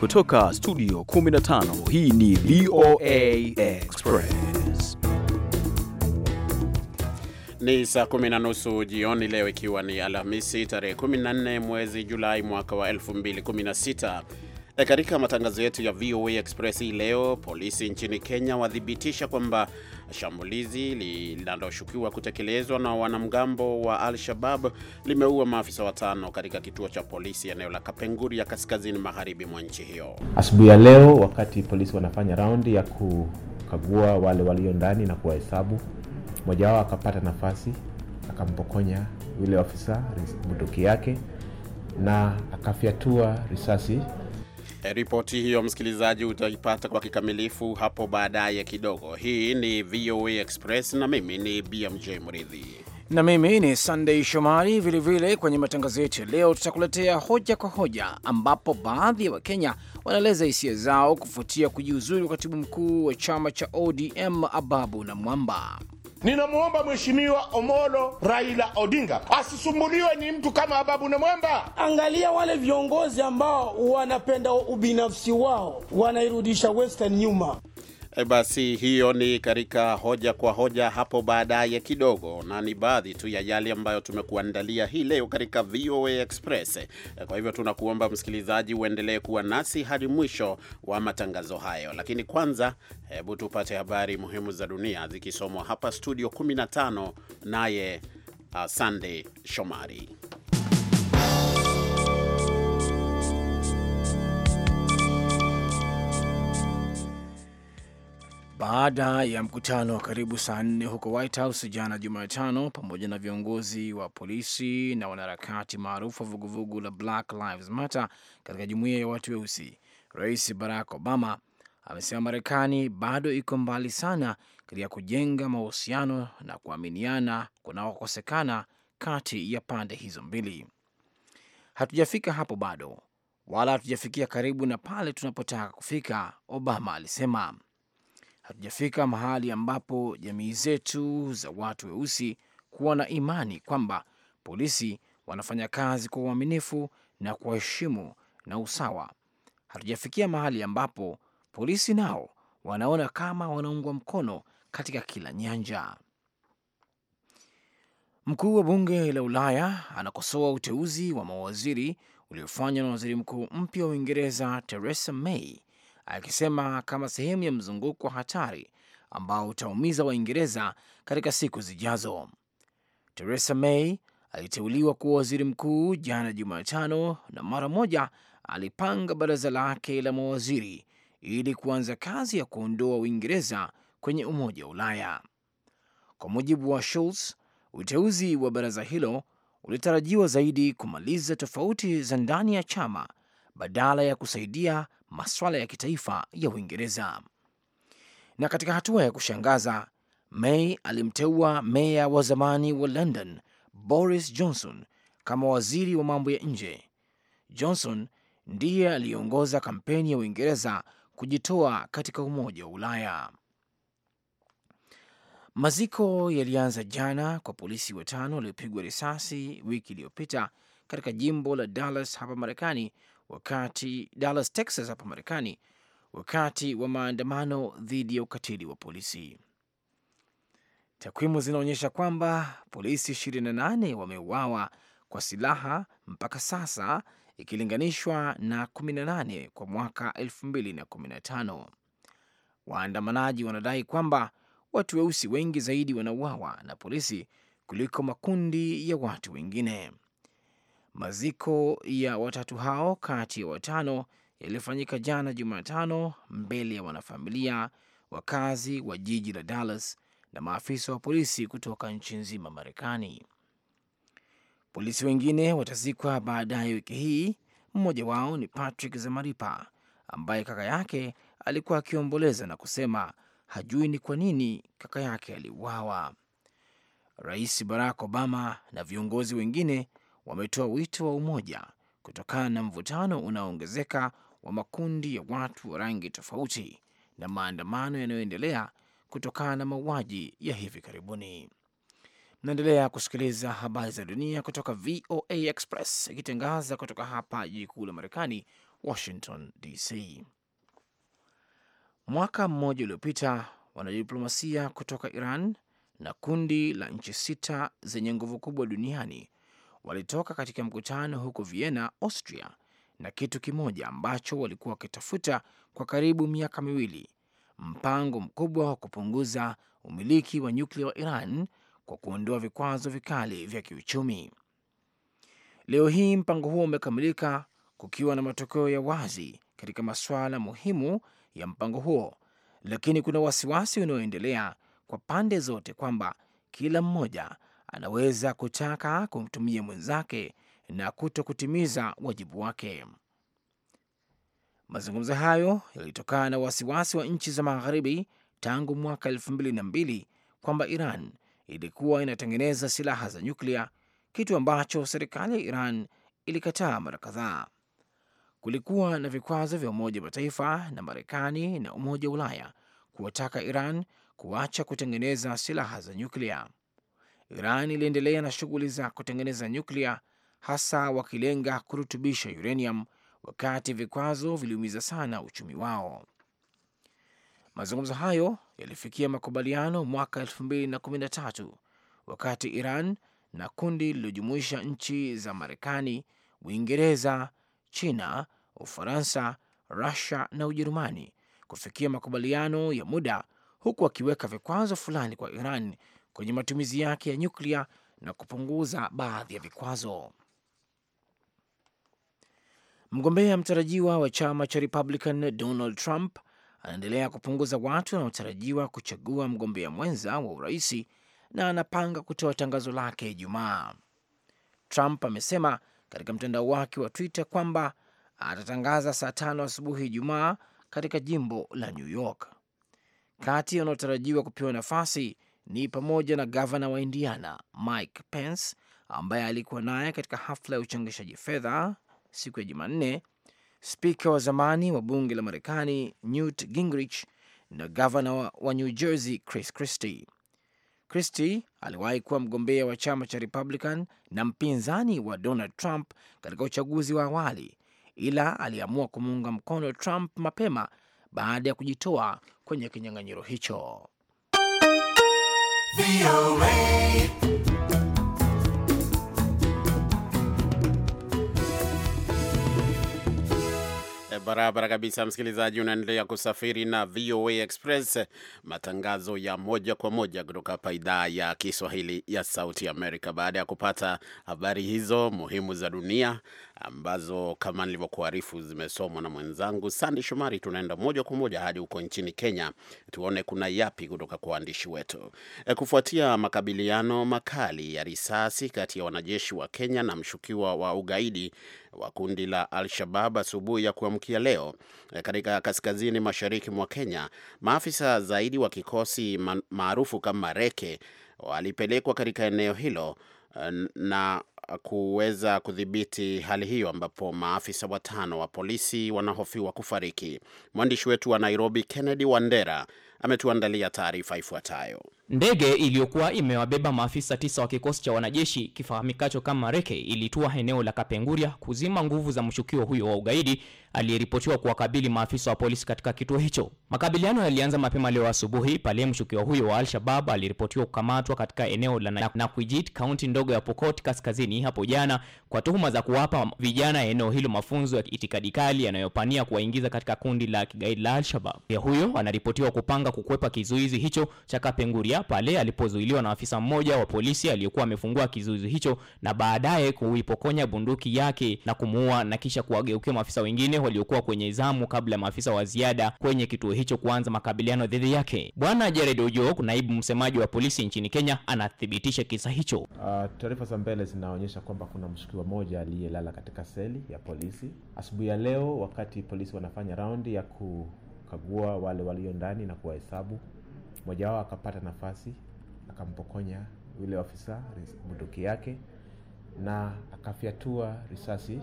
Kutoka studio 15 hii ni VOA Express. Ni saa kumi na nusu jioni leo, ikiwa ni Alhamisi tarehe 14 mwezi Julai mwaka wa 2016. E, katika matangazo yetu ya VOA Express hii leo, polisi nchini Kenya wathibitisha kwamba shambulizi linaloshukiwa kutekelezwa na wanamgambo wa Al-Shabab limeua maafisa watano katika kituo cha polisi eneo la Kapenguri ya kaskazini magharibi mwa nchi hiyo. Asubuhi ya leo, wakati polisi wanafanya raundi ya kukagua wale walio ndani na kuwahesabu, mmoja wao akapata nafasi akampokonya yule afisa bunduki yake na akafyatua risasi Eh, ripoti hiyo msikilizaji, utaipata kwa kikamilifu hapo baadaye kidogo. Hii ni VOA Express na mimi ni BMJ Mridhi na mimi ni Sunday Shomari. Vilevile kwenye matangazo yetu ya leo, tutakuletea hoja kwa hoja, ambapo baadhi ya wa Wakenya wanaeleza hisia zao kufuatia kujiuzuru katibu mkuu wa chama cha ODM Ababu na Mwamba ninamwomba Mheshimiwa Omolo Raila Odinga asisumbuliwe ni mtu kama Ababu Namwamba. Angalia wale viongozi ambao wanapenda ubinafsi wao, wanairudisha Western nyuma. E, basi hiyo ni katika hoja kwa hoja hapo baadaye kidogo, na ni baadhi tu ya yale ambayo tumekuandalia hii leo katika VOA Express. Eh, kwa hivyo tunakuomba msikilizaji, uendelee kuwa nasi hadi mwisho wa matangazo hayo, lakini kwanza, hebu tupate habari muhimu za dunia zikisomwa hapa studio 15 naye uh, ah, Sunday Shomari. baada ya mkutano wa karibu saa nne huko White House jana Jumatano, pamoja na viongozi wa polisi na wanaharakati maarufu wa vuguvugu la Black Lives Matter katika jumuiya ya watu weusi, Rais Barack Obama amesema Marekani bado iko mbali sana katika kujenga mahusiano na kuaminiana kunaokosekana kati ya pande hizo mbili. Hatujafika hapo bado, wala hatujafikia karibu na pale tunapotaka kufika, Obama alisema hatujafika mahali ambapo jamii zetu za watu weusi kuwa na imani kwamba polisi wanafanya kazi kwa uaminifu na kwa heshimu na usawa. Hatujafikia mahali ambapo polisi nao wanaona kama wanaungwa mkono katika kila nyanja. Mkuu wa bunge la Ulaya anakosoa uteuzi wa mawaziri uliofanywa na waziri mkuu mpya wa Uingereza Theresa May akisema kama sehemu ya mzunguko wa hatari ambao utaumiza Waingereza katika siku zijazo. Theresa May aliteuliwa kuwa waziri mkuu jana Jumatano na mara moja alipanga baraza lake la mawaziri ili kuanza kazi ya kuondoa Uingereza kwenye Umoja wa Ulaya. Kwa mujibu wa Schulz, uteuzi wa baraza hilo ulitarajiwa zaidi kumaliza tofauti za ndani ya chama badala ya kusaidia maswala ya kitaifa ya Uingereza. Na katika hatua ya kushangaza, May alimteua meya wa zamani wa London Boris Johnson kama waziri wa mambo ya nje. Johnson ndiye aliyeongoza kampeni ya Uingereza kujitoa katika Umoja wa Ulaya. Maziko yalianza jana kwa polisi watano waliopigwa risasi wiki iliyopita katika jimbo la Dallas hapa Marekani, wakati Dallas, Texas hapa Marekani, wakati wa maandamano dhidi ya ukatili wa polisi. Takwimu zinaonyesha kwamba polisi 28 wameuawa kwa silaha mpaka sasa ikilinganishwa na 18 kwa mwaka 2015. Waandamanaji wanadai kwamba watu weusi wengi zaidi wanauawa na polisi kuliko makundi ya watu wengine. Maziko ya watatu hao kati ya watano yalifanyika jana Jumatano mbele ya wanafamilia, wakazi wa jiji la Dallas na maafisa wa polisi kutoka nchi nzima Marekani. Polisi wengine watazikwa baadaye wiki hii. Mmoja wao ni Patrick Zamaripa ambaye kaka yake alikuwa akiomboleza na kusema hajui ni kwa nini kaka yake aliuawa. Rais Barack Obama na viongozi wengine wametoa wito wa umoja kutokana na mvutano unaoongezeka wa makundi ya watu wa rangi tofauti na maandamano yanayoendelea kutokana na mauaji ya hivi karibuni. Mnaendelea kusikiliza habari za dunia kutoka VOA Express ikitangaza kutoka hapa jiji kuu la Marekani, Washington DC. Mwaka mmoja uliopita, wanadiplomasia kutoka Iran na kundi la nchi sita zenye nguvu kubwa duniani walitoka katika mkutano huko Vienna, Austria, na kitu kimoja ambacho walikuwa wakitafuta kwa karibu miaka miwili: mpango mkubwa wa kupunguza umiliki wa nyuklia wa Iran kwa kuondoa vikwazo vikali vya kiuchumi. Leo hii mpango huo umekamilika kukiwa na matokeo ya wazi katika masuala muhimu ya mpango huo, lakini kuna wasiwasi unaoendelea kwa pande zote kwamba kila mmoja anaweza kutaka kumtumia mwenzake na kuto kutimiza wajibu wake. Mazungumzo hayo yalitokana na wasiwasi wa nchi za magharibi tangu mwaka elfu mbili na mbili kwamba Iran ilikuwa inatengeneza silaha za nyuklia, kitu ambacho serikali ya Iran ilikataa mara kadhaa. Kulikuwa na vikwazo vya Umoja wa Mataifa na Marekani na Umoja wa Ulaya kuwataka Iran kuacha kutengeneza silaha za nyuklia. Iran iliendelea na shughuli za kutengeneza nyuklia, hasa wakilenga kurutubisha uranium, wakati vikwazo viliumiza sana uchumi wao. Mazungumzo hayo yalifikia makubaliano mwaka 2013 wakati Iran na kundi lililojumuisha nchi za Marekani, Uingereza, China, Ufaransa, Rusia na Ujerumani kufikia makubaliano ya muda, huku akiweka vikwazo fulani kwa Iran kwenye matumizi yake ya nyuklia na kupunguza baadhi ya vikwazo. Mgombea mtarajiwa wa chama cha Republican Donald Trump anaendelea kupunguza watu wanaotarajiwa kuchagua mgombea mwenza wa uraisi na anapanga kutoa tangazo lake Ijumaa. Trump amesema katika mtandao wake wa Twitter kwamba atatangaza saa tano asubuhi Ijumaa katika jimbo la New York. Kati wanaotarajiwa kupewa nafasi ni pamoja na gavana wa Indiana Mike Pence ambaye alikuwa naye katika hafla ya uchangishaji fedha siku ya Jumanne, spika wa zamani wa bunge la Marekani Newt Gingrich na gavana wa New Jersey Chris Christie. Christie aliwahi kuwa mgombea wa chama cha Republican na mpinzani wa Donald Trump katika uchaguzi wa awali, ila aliamua kumuunga mkono Trump mapema baada ya kujitoa kwenye kinyang'anyiro hicho. Eh, barabara kabisa, msikilizaji, unaendelea kusafiri na VOA Express, matangazo ya moja kwa moja kutoka hapa idhaa ya Kiswahili ya Sauti Amerika. Baada ya kupata habari hizo muhimu za dunia, ambazo kama nilivyokuarifu zimesomwa na mwenzangu Sandi Shomari. Tunaenda moja kwa moja hadi huko nchini Kenya tuone kuna yapi kutoka kwa waandishi wetu. E, kufuatia makabiliano makali ya risasi kati ya wanajeshi wa Kenya na mshukiwa wa ugaidi wa kundi la Al-Shabab asubuhi ya kuamkia leo e, katika kaskazini mashariki mwa Kenya, maafisa zaidi wa kikosi maarufu kama Reke walipelekwa katika eneo hilo e, na kuweza kudhibiti hali hiyo, ambapo maafisa watano wa polisi wanahofiwa kufariki. Mwandishi wetu wa Nairobi, Kennedy Wandera, ametuandalia taarifa ifuatayo. Ndege iliyokuwa imewabeba maafisa tisa wa kikosi cha wanajeshi kifahamikacho kama Reke ilitua eneo la Kapenguria kuzima nguvu za mshukiwa huyo wa ugaidi aliyeripotiwa kuwakabili maafisa wa polisi katika kituo hicho. Makabiliano yalianza mapema leo asubuhi pale mshukiwa huyo wa Al-Shabab aliripotiwa kukamatwa katika eneo la Nakwijit, kaunti ndogo ya Pokot Kaskazini hapo jana kwa tuhuma za kuwapa vijana eneo hilo mafunzo ya itikadi kali yanayopania kuwaingiza katika kundi la kigaidi la Al-Shabab. Huyo anaripotiwa kupanga kupanga kukwepa kizuizi hicho cha Kapenguria pale alipozuiliwa na afisa mmoja wa polisi aliyekuwa amefungua kizuizi hicho na baadaye kuipokonya bunduki yake na kumuua na kisha kuwageukia maafisa wengine waliokuwa kwenye zamu kabla ya maafisa wa ziada kwenye kituo hicho kuanza makabiliano dhidi yake. Bwana Jared Ojok, naibu msemaji wa polisi nchini Kenya, anathibitisha kisa hicho. Uh, taarifa za mbele zinaonyesha kwamba kuna mshukiwa mmoja aliyelala katika seli ya polisi asubuhi ya leo, wakati polisi wanafanya raundi ya ku kukagua wale walio ndani na kuwahesabu. Mmoja wao akapata nafasi, akampokonya yule afisa bunduki yake na akafyatua risasi,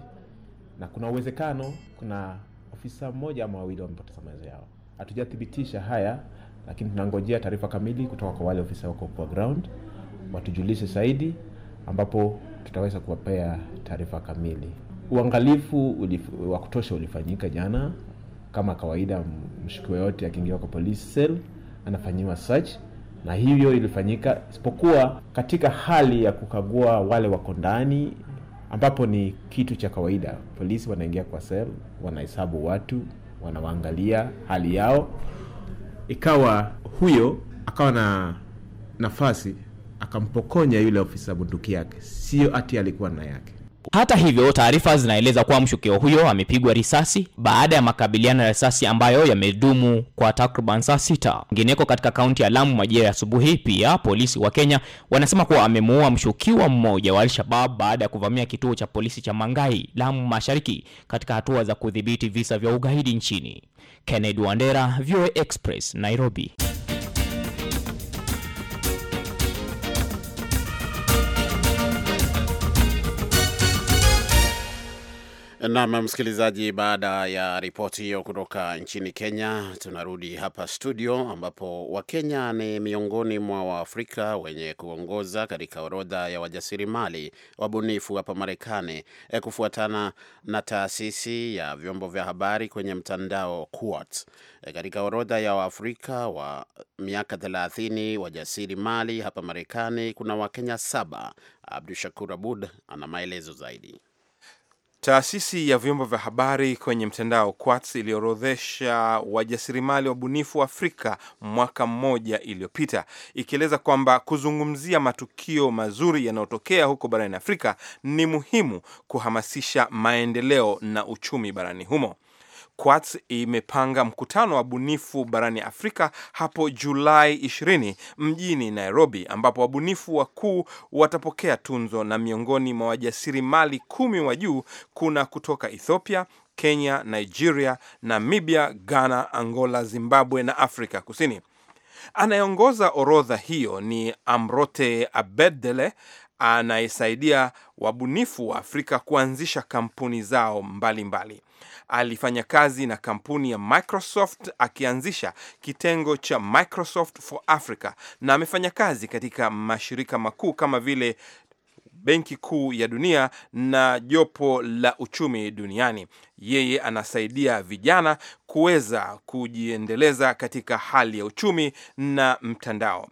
na kuna uwezekano kuna ofisa mmoja ama wawili wamepoteza maezo yao. Hatujathibitisha haya, lakini tunangojea taarifa kamili kutoka kwa wale ofisa wako kwa ground watujulishe zaidi, ambapo tutaweza kuwapea taarifa kamili. Uangalifu wa kutosha ulifanyika jana kama kawaida mshukiwa yote akiingia kwa police cell anafanyiwa search na hivyo ilifanyika isipokuwa katika hali ya kukagua wale wako ndani ambapo ni kitu cha kawaida polisi wanaingia kwa sel wanahesabu watu wanawaangalia hali yao ikawa huyo akawa na nafasi akampokonya yule ofisa bunduki yake sio ati alikuwa na yake hata hivyo, taarifa zinaeleza kuwa mshukiwa huyo amepigwa risasi baada ya makabiliano ya risasi ambayo yamedumu kwa takriban saa sita. Ngineko katika kaunti ya Lamu majira ya asubuhi, pia polisi wa Kenya wanasema kuwa amemuua mshukiwa mmoja wa al baada ya kuvamia kituo cha polisi cha Mangai, Lamu Mashariki, katika hatua za kudhibiti visa vya ugaidi nchini. Kennedy Wandera, VOA Express, Nairobi. Nam msikilizaji, baada ya ripoti hiyo kutoka nchini Kenya, tunarudi hapa studio, ambapo Wakenya ni miongoni mwa Waafrika wenye kuongoza katika orodha ya wajasiriamali wabunifu hapa Marekani, e, kufuatana na taasisi ya vyombo vya habari kwenye mtandao Quartz. E, katika orodha ya Waafrika wa miaka 30 wajasiriamali hapa Marekani kuna Wakenya saba. Abdu Shakur Abud ana maelezo zaidi. Taasisi ya vyombo vya habari kwenye mtandao Quartz iliorodhesha wajasiriamali wabunifu wa Afrika mwaka mmoja iliyopita, ikieleza kwamba kuzungumzia matukio mazuri yanayotokea huko barani Afrika ni muhimu kuhamasisha maendeleo na uchumi barani humo. Quats imepanga mkutano wa bunifu barani Afrika hapo Julai 20 mjini Nairobi, ambapo wabunifu wakuu watapokea tunzo, na miongoni mwa wajasiriamali kumi wa juu kuna kutoka Ethiopia, Kenya, Nigeria, Namibia, Ghana, Angola, Zimbabwe na Afrika Kusini. Anayeongoza orodha hiyo ni Amrote Abedele anayesaidia wabunifu wa Afrika kuanzisha kampuni zao mbalimbali mbali. Alifanya kazi na kampuni ya Microsoft akianzisha kitengo cha Microsoft for Africa na amefanya kazi katika mashirika makuu kama vile Benki Kuu ya Dunia na Jopo la Uchumi Duniani. Yeye anasaidia vijana kuweza kujiendeleza katika hali ya uchumi na mtandao.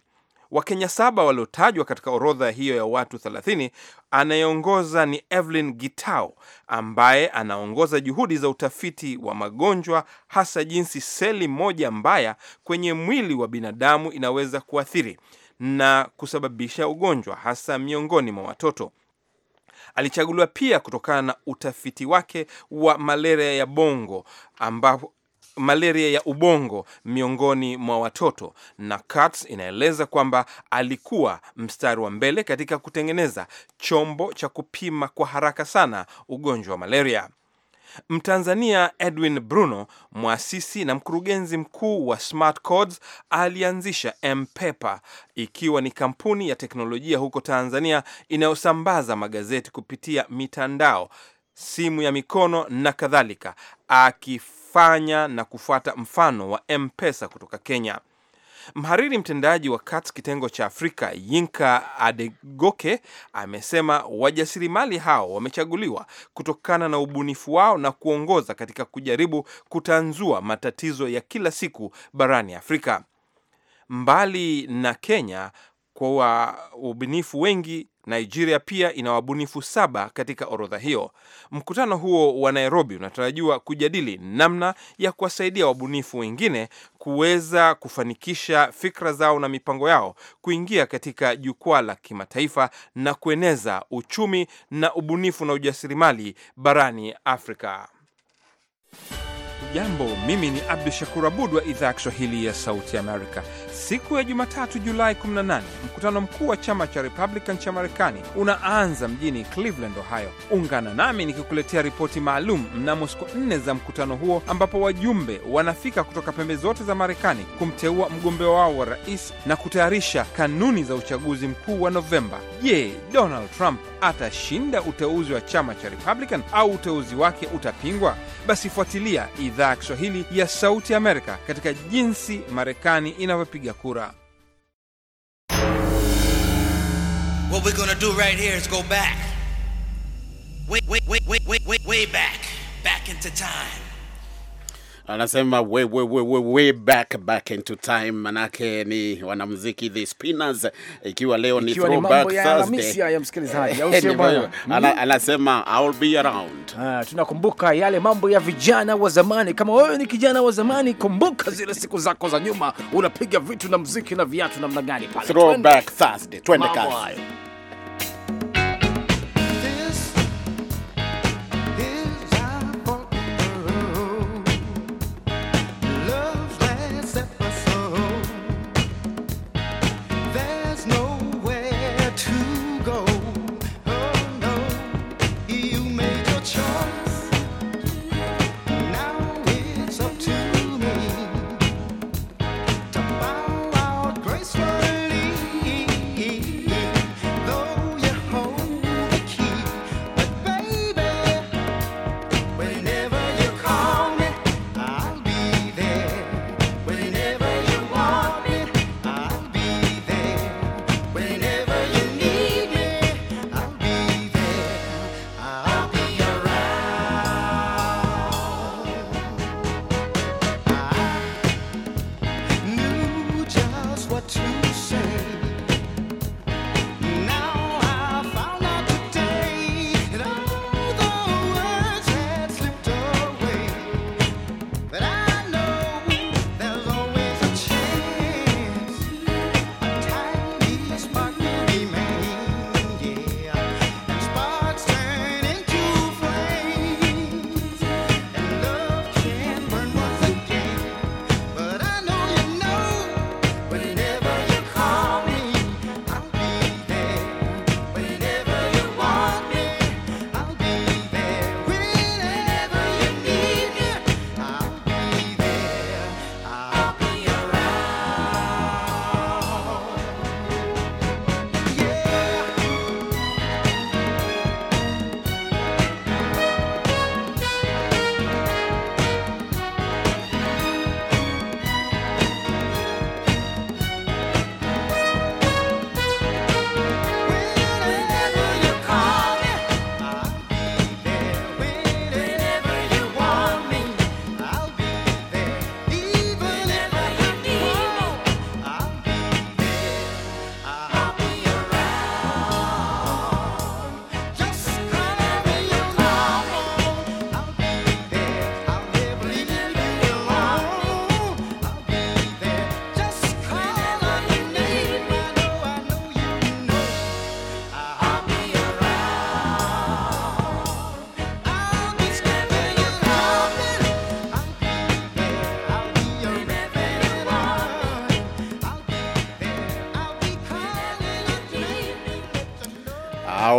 Wakenya saba waliotajwa katika orodha hiyo ya watu 30 anayeongoza ni Evelyn Gitau ambaye anaongoza juhudi za utafiti wa magonjwa hasa jinsi seli moja mbaya kwenye mwili wa binadamu inaweza kuathiri na kusababisha ugonjwa hasa miongoni mwa watoto. Alichaguliwa pia kutokana na utafiti wake wa malaria ya bongo ambapo malaria ya ubongo miongoni mwa watoto, na Katz inaeleza kwamba alikuwa mstari wa mbele katika kutengeneza chombo cha kupima kwa haraka sana ugonjwa wa malaria. Mtanzania Edwin Bruno, mwasisi na mkurugenzi mkuu wa Smart Codes, alianzisha Mpepa, ikiwa ni kampuni ya teknolojia huko Tanzania inayosambaza magazeti kupitia mitandao, simu ya mikono na kadhalika aki kufanya na kufuata mfano wa M-Pesa kutoka Kenya. Mhariri mtendaji wa CATS kitengo cha Afrika Yinka Adegoke amesema wajasiriamali hao wamechaguliwa kutokana na ubunifu wao na kuongoza katika kujaribu kutanzua matatizo ya kila siku barani Afrika. Mbali na Kenya, kwa wabunifu wengi. Nigeria pia ina wabunifu saba katika orodha hiyo. Mkutano huo wa Nairobi unatarajiwa kujadili namna ya kuwasaidia wabunifu wengine kuweza kufanikisha fikra zao na mipango yao kuingia katika jukwaa la kimataifa na kueneza uchumi na ubunifu na ujasiriamali barani Afrika. Jambo, mimi ni Abdu Shakur Abud wa idhaa ya Kiswahili ya Sauti Amerika. Siku ya Jumatatu, Julai 18, mkutano mkuu wa chama cha Republican cha Marekani unaanza mjini Cleveland, Ohio. Ungana nami nikikuletea ripoti maalum mnamo siku nne za mkutano huo, ambapo wajumbe wanafika kutoka pembe zote za Marekani kumteua mgombea wao wa rais na kutayarisha kanuni za uchaguzi mkuu wa Novemba. Je, Donald Trump atashinda uteuzi wa chama cha Republican au uteuzi wake utapingwa? Basi fuatilia idhaa ya Kiswahili ya Sauti Amerika katika jinsi Marekani inavyopiga kupiga kura. What we're gonna do right here is go back. Way, way, way, way, way, way back, back into time. anasema way, way, way, way back back into time, manake ni wanamuziki The Spinners, ikiwa leo ni throwback Thursday. Mm. Anasema I'll be around. Ah, tunakumbuka yale mambo ya vijana wa zamani. Kama wewe ni kijana wa zamani, kumbuka zile siku zako za nyuma, unapiga vitu na muziki na viatu namna gani pale. Throwback Thursday, twende kazi.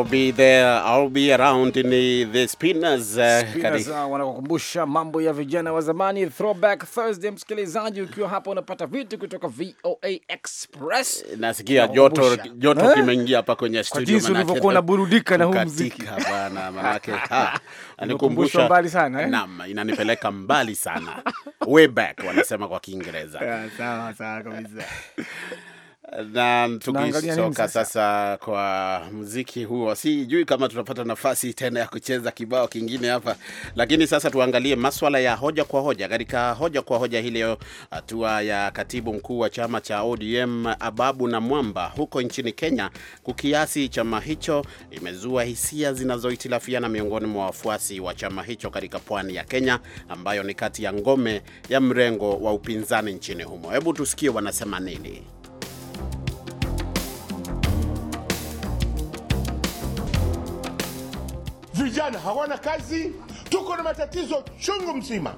I'll be there, I'll be around in the the spinners. Uh, spinners uh, wanakukumbusha mambo ya vijana wa zamani, throwback Thursday. Msikilizaji, ukiwa hapa unapata vitu kutoka VOA Express. Eh, nasikia joto joto eh? kimeingia hapa kwenye studio, manake jinsi ulivyokuwa unaburudika na huu muziki bana, manake ha anikumbusha mbali sana eh? Naam, inanipeleka mbali sana way back wanasema kwa Kiingereza. Sawa sawa kabisa. na tukitoka sasa kwa muziki huo, sijui kama tutapata nafasi tena ya kucheza kibao kingine hapa, lakini sasa tuangalie maswala ya hoja kwa hoja. Katika hoja kwa hoja hii leo, hatua ya katibu mkuu wa chama cha ODM Ababu na Mwamba huko nchini Kenya kukiasi chama hicho imezua hisia zinazohitilafiana miongoni mwa wafuasi wa chama hicho katika pwani ya Kenya, ambayo ni kati ya ngome ya mrengo wa upinzani nchini humo. Hebu tusikie wanasema nini. vijana hawana kazi, tuko na matatizo chungu mzima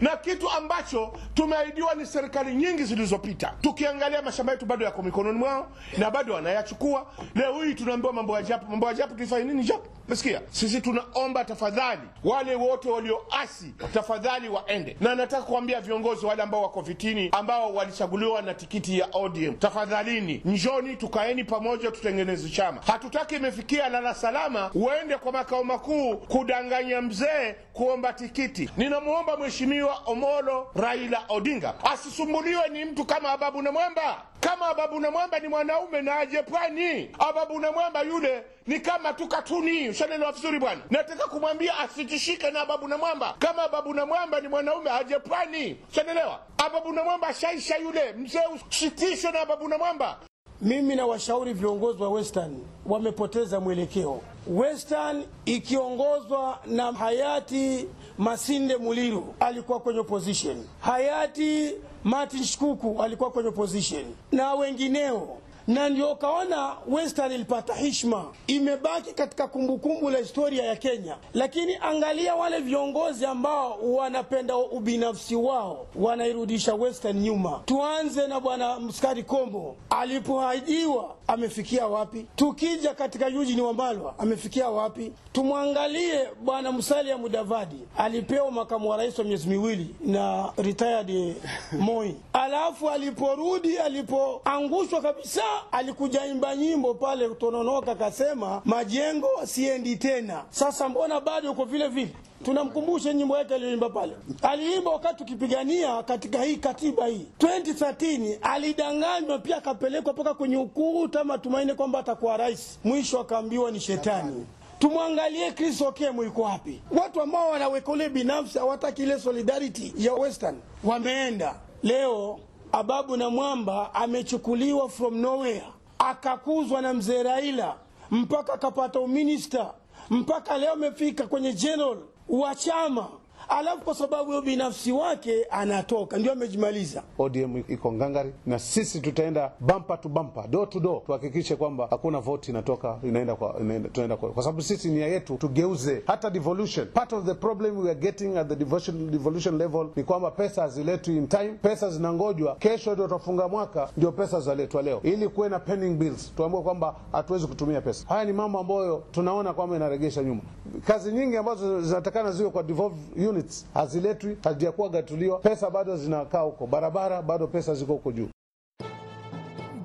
na kitu ambacho tumeahidiwa ni serikali nyingi zilizopita. Tukiangalia mashamba yetu bado yako mikononi mwao na bado wanayachukua. Leo hii tunaambiwa mambo ya japo, mambo ya japo, tuifanye nini japo? Msikia, Sisi tunaomba tafadhali, wale wote walioasi tafadhali waende, na nataka kuambia viongozi wale ambao wako vitini, ambao walichaguliwa na tikiti ya ODM, tafadhalini njoni, tukaeni pamoja, tutengeneze chama. Hatutaki imefikia lala salama, uende kwa makao makuu kudanganya mzee kuomba tikiti. Ninamwomba mheshimiwa Oginga Omolo Raila Odinga asisumbuliwe ni mtu kama Ababu na Mwamba. Kama Ababu na Mwamba ni mwanaume na aje pwani. Ababu na Mwamba yule ni kama tu katuni. Ushanelewa vizuri bwana. Nataka kumwambia asitishike na Ababu na Mwamba. Kama Ababu na Mwamba ni mwanaume aje pwani. Ushanelewa? Ababu na Mwamba shaisha yule mzee, usitishwe na Ababu na Mwamba. Mimi na washauri viongozi wa Western wamepoteza mwelekeo. Western ikiongozwa na hayati Masinde Muliru alikuwa kwenye position, hayati Martin Shikuku alikuwa kwenye position na wengineo na ndio kaona Western ilipata heshima, imebaki katika kumbukumbu la historia ya Kenya. Lakini angalia wale viongozi ambao wanapenda ubinafsi wao, wanairudisha Western nyuma. Tuanze na bwana Mskari Kombo, alipoajiwa amefikia wapi? Tukija katika Eugene Wamalwa amefikia wapi? Tumwangalie bwana Musalia Mudavadi, alipewa makamu wa rais wa miezi miwili na retired Moi, alafu aliporudi alipoangushwa kabisa alikuja imba nyimbo pale Tononoka, kasema majengo siendi tena. Sasa mbona bado uko vile vile? Tunamkumbusha nyimbo yake aliyoimba pale, aliimba wakati tukipigania katika hii katiba hii 2013 alidanganywa pia, akapelekwa mpaka kwenye ukuta, matumaini kwamba atakuwa rais, mwisho akaambiwa ni shetani. Tumwangalie Kristo Kemu yuko wapi? Watu ambao wanawekolea binafsi hawataki ile solidarity ya western wameenda leo Ababu na Mwamba amechukuliwa from nowhere akakuzwa na mzee Raila mpaka akapata uminista mpaka leo amefika kwenye general wa chama alafu kwa sababu ya binafsi wake anatoka, ndio amejimaliza. ODM iko ngangari, na sisi tutaenda bampa tu bampa, do to do, tuhakikishe kwamba hakuna voti inatoka inaenda kwa, inaenda, tunaenda kwa, kwa sababu sisi nia yetu tugeuze hata devolution. Part of the problem we are getting at the devolution, devolution level ni kwamba pesa haziletwi in time, pesa zinangojwa kesho, ndio tutafunga mwaka, ndio pesa zaletwa leo, ili kuwe na pending bills, tuambie kwamba hatuwezi kutumia pesa. Haya ni mambo ambayo tunaona kwamba inaregesha nyuma kazi nyingi ambazo zinatakana ziwe kwa devolve, units haziletwi, hazijakuwa gatuliwa, pesa bado zinakaa huko, barabara bado pesa ziko huko juu.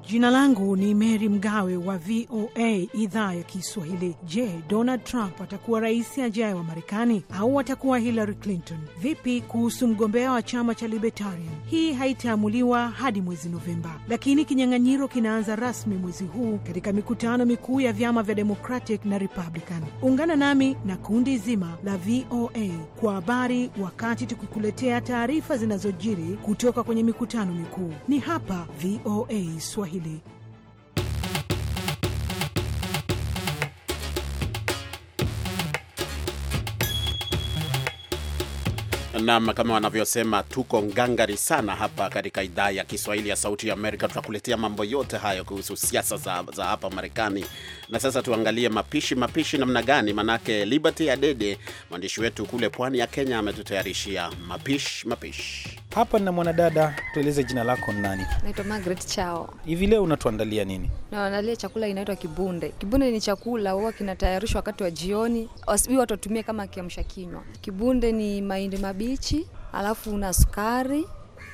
Jina langu ni Mary Mgawe wa VOA idhaa ya Kiswahili. Je, Donald Trump atakuwa rais ajaye wa Marekani au atakuwa Hillary Clinton? Vipi kuhusu mgombea wa chama cha Libertarian? Hii haitaamuliwa hadi mwezi Novemba, lakini kinyang'anyiro kinaanza rasmi mwezi huu katika mikutano mikuu ya vyama vya Democratic na Republican. Ungana nami na kundi zima la VOA kwa habari, wakati tukikuletea taarifa zinazojiri kutoka kwenye mikutano mikuu. Ni hapa VOA Swahili. के लिए Nam, kama wanavyosema tuko ngangari sana hapa katika idhaa ya Kiswahili ya Sauti ya Amerika. Tutakuletea mambo yote hayo kuhusu siasa za, za hapa Marekani. Na sasa tuangalie mapishi, mapishi namna gani? Manake Liberty Adede, mwandishi wetu kule pwani ya Kenya, ametutayarishia mapishi mapishi. Hapa na mwanadada, tueleze jina lako nani? Naitwa Margaret Chao. Hivi leo unatuandalia nini? Naandalia chakula inaitwa kibunde. Kibunde ni chakula huwa kinatayarishwa wakati wa jioni, wasibi watu watumie kama kiamsha kinywa. Kibunde ni mahindi mabichi mbichi, alafu una sukari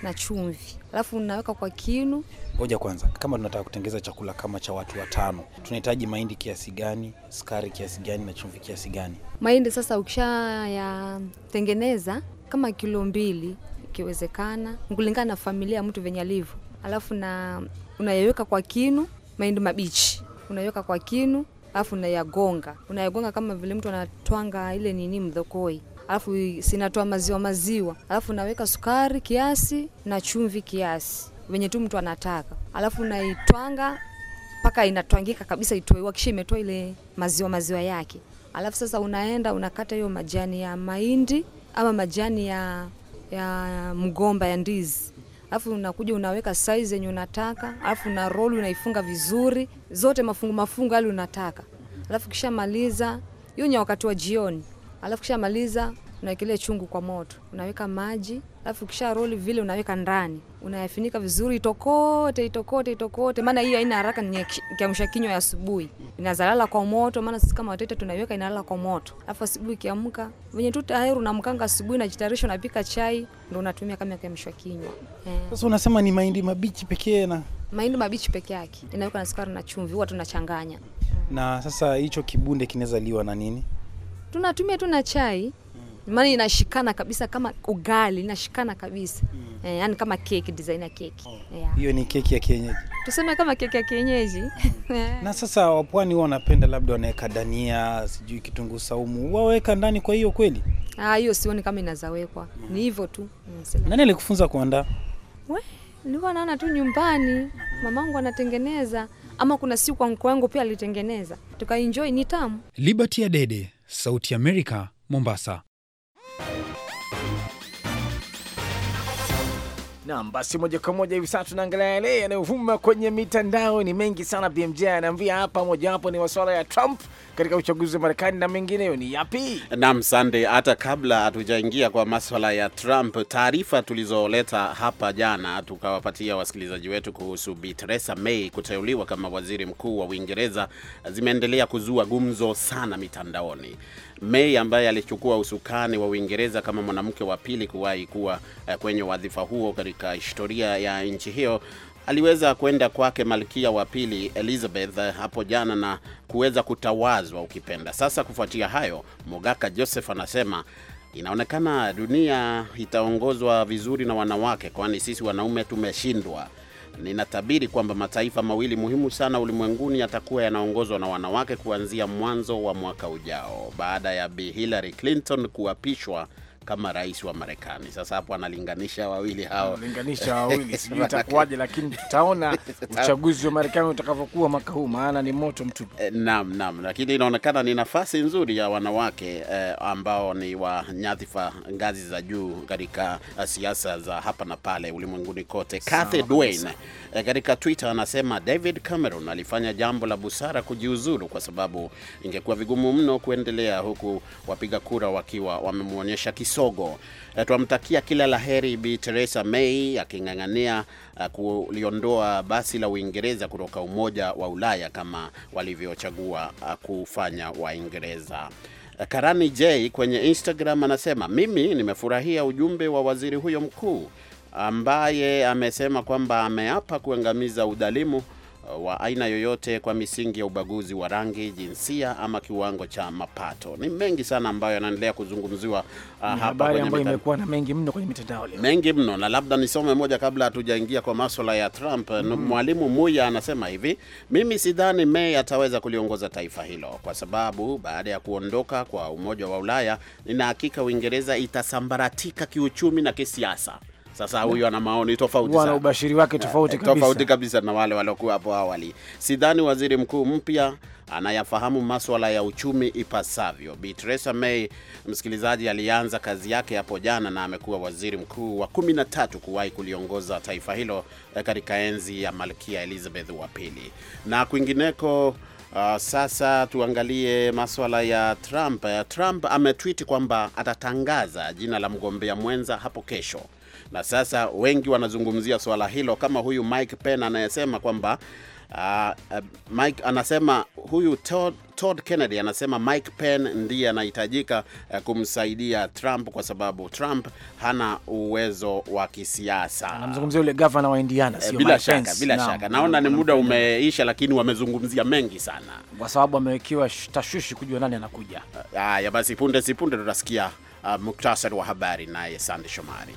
na chumvi, alafu unaweka kwa kinu. Ngoja kwanza, kama tunataka kutengeza chakula kama cha watu watano, tunahitaji mahindi kiasi gani, sukari kiasi gani na chumvi kiasi gani? Mahindi sasa ukishayatengeneza kama kilo mbili ikiwezekana, kulingana na familia ya mtu venye alivyo, alafu na unayeweka kwa kinu. Mahindi mabichi unayeweka kwa kinu, alafu unayagonga, unayagonga kama vile mtu anatwanga ile nini mdhokoi alafu sinatoa maziwa maziwa, alafu naweka sukari kiasi na chumvi kiasi venye tu mtu anataka, alafu naitwanga mpaka inatwangika kabisa, itoe wakisha imetoa ile maziwa maziwa yake, alafu sasa unaenda unakata hiyo majani ya mahindi ama majani ya, ya mgomba ya ndizi alafu unakuja unaweka size yenye unataka, alafu na roll unaifunga vizuri zote mafungu mafungu hali unataka, alafu kishamaliza hiyo ni wakati wa jioni alafu kisha maliza unawekelea chungu kwa moto, unaweka maji, alafu kisha roli vile unaweka ndani, unayafinika vizuri, itokote itokote itokote, maana hiyo haina haraka, ni kiamsha kinywa ya asubuhi, inazalala kwa moto, maana sisi kama watoto tunaiweka inalala kwa moto, alafu asubuhi kiamka venye tu tayari unamkanga asubuhi, najitayarisha, unapika chai, ndio unatumia kama kiamsha kinywa. Eh. Sasa yeah. unasema ni mahindi mabichi pekee na mahindi mabichi peke yake inawekwa na sukari na chumvi, huwa tunachanganya. Na sasa hicho kibunde kinaweza liwa na nini? tunatumia tu na chai mm. maana inashikana kabisa kama ugali inashikana kabisa mm. Eh, yani kama keki design ya keki oh. yeah. hiyo ni keki ya kienyeji tuseme kama keki ya kienyeji mm. na sasa wapwani huwa wanapenda labda wanaweka dania sijui kitunguu saumu waweka ndani kwa hiyo kweli ah hiyo sioni kama inazawekwa mm. ni hivyo tu mm, nani alikufunza kuandaa nilikuwa naona tu nyumbani hmm. mamangu anatengeneza ama kuna siku kwa mko wangu pia alitengeneza tukaenjoy, ni tamu. Liberty Adede, Sauti america Mombasa. Naam, basi moja kwa moja hivi sasa tunaangalia yale yanayovuma kwenye mitandao. Ni mengi sana, BMJ anaambia hapa. Mojawapo ni masuala ya Trump katika uchaguzi wa Marekani na mengineyo ni yapi? Naam, Sande, hata kabla hatujaingia kwa maswala ya Trump, taarifa tulizoleta hapa jana tukawapatia wasikilizaji wetu kuhusu Bi Theresa May kuteuliwa kama waziri mkuu wa Uingereza zimeendelea kuzua gumzo sana mitandaoni. May ambaye alichukua usukani wa Uingereza kama mwanamke wa pili kuwahi kuwa eh, kwenye wadhifa huo katika historia ya nchi hiyo aliweza kwenda kwake Malkia wa Pili Elizabeth eh, hapo jana na kuweza kutawazwa ukipenda. Sasa kufuatia hayo, Mogaka Joseph anasema inaonekana dunia itaongozwa vizuri na wanawake, kwani sisi wanaume tumeshindwa. Ninatabiri kwamba mataifa mawili muhimu sana ulimwenguni yatakuwa yanaongozwa na wanawake kuanzia mwanzo wa mwaka ujao, baada ya Bi Hillary Clinton kuapishwa kama rais wa Marekani. Sasa hapo analinganisha wawili hao, analinganisha wawili sijui itakuwaje, lakini tutaona uchaguzi wa Marekani utakavyokuwa mwaka huu, maana ni moto mtupu. Eh, naam, naam, lakini inaonekana ni nafasi nzuri ya wanawake eh, ambao ni wa nyadhifa ngazi za juu katika eh, siasa za hapa na pale ulimwenguni kote. Kathy Dwayne eh, katika Twitter anasema David Cameron alifanya jambo la busara kujiuzulu, kwa sababu ingekuwa vigumu mno kuendelea huku wapiga kura wakiwa wamemwonyesha kis Kisogo. Eh, Tunamtakia kila la heri Bi Teresa May aking'ang'ania eh, kuliondoa basi la Uingereza kutoka Umoja wa Ulaya kama walivyochagua eh, kufanya Waingereza. Karani J kwenye Instagram anasema, mimi nimefurahia ujumbe wa waziri huyo mkuu ambaye amesema kwamba ameapa kuangamiza udhalimu wa aina yoyote kwa misingi ya ubaguzi wa rangi, jinsia ama kiwango cha mapato. Ni mengi sana ambayo yanaendelea kuzungumziwa uh, hapa kwenye ambayo imekuwa na mengi mno kwenye mitandao leo. Mengi mno na labda nisome moja kabla hatujaingia kwa masuala ya Trump. Mm. Mwalimu Muya anasema hivi, mimi sidhani May ataweza kuliongoza taifa hilo kwa sababu baada ya kuondoka kwa Umoja wa Ulaya, nina hakika Uingereza itasambaratika kiuchumi na kisiasa. Sasa huyu ana maoni tofauti sana, ubashiri wake tofauti eh, kabisa, tofauti kabisa na wale waliokuwa hapo awali. Sidhani waziri mkuu mpya anayafahamu maswala ya uchumi ipasavyo. Bi Theresa May, msikilizaji, alianza kazi yake hapo jana na amekuwa waziri mkuu wa 13 kuwahi kuliongoza taifa hilo eh, katika enzi ya Malkia Elizabeth wa pili. Na kwingineko Uh, sasa tuangalie maswala ya Trump. Eh, Trump ametweet kwamba atatangaza jina la mgombea mwenza hapo kesho na sasa wengi wanazungumzia swala hilo, kama huyu Mike Penn anayesema kwamba uh, Mike anasema huyu Todd, Todd Kennedy anasema Mike Penn ndiye anahitajika uh, kumsaidia Trump kwa sababu Trump hana uwezo wa kisiasa. Anamzungumzia yule governor wa Indiana, sio eh, bila Mike shaka, Bila shaka naona ni muda umeisha, lakini wamezungumzia mengi sana kwa sababu amewekewa tashwishi kujua nani anakuja. Haya, uh, basi punde sipunde tutasikia uh, muktasari wa habari naye Sande Shomari.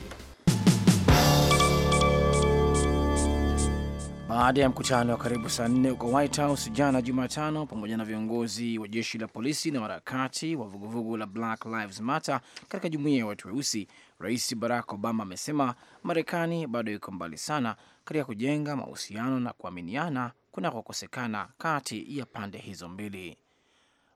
baada ya mkutano wa karibu saa nne huko White House jana Jumatano, pamoja na viongozi wa jeshi la polisi na wanaharakati wa vuguvugu la Black Lives Matter katika jumuiya ya watu weusi, Rais Barack Obama amesema Marekani bado iko mbali sana katika kujenga mahusiano na kuaminiana kunakokosekana kati ya pande hizo mbili.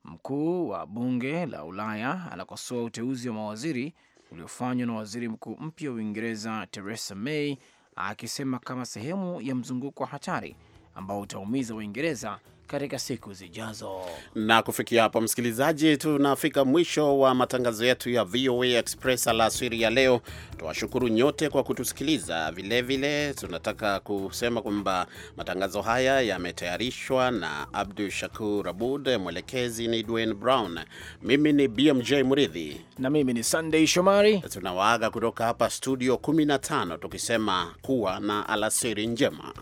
Mkuu wa bunge la Ulaya anakosoa uteuzi wa mawaziri uliofanywa na waziri mkuu mpya wa Uingereza Theresa May akisema kama sehemu ya mzunguko wa hatari ambao utaumiza Uingereza katika siku zijazo. Na kufikia hapo, msikilizaji, tunafika mwisho wa matangazo yetu ya VOA Express alasiri ya leo. Tuwashukuru nyote kwa kutusikiliza. Vilevile vile, tunataka kusema kwamba matangazo haya yametayarishwa na Abdu Shakur Abud, mwelekezi ni Dwayne Brown, mimi ni BMJ mridhi na mimi ni Sunday Shomari. Tunawaaga kutoka hapa studio 15 tukisema kuwa na alasiri njema.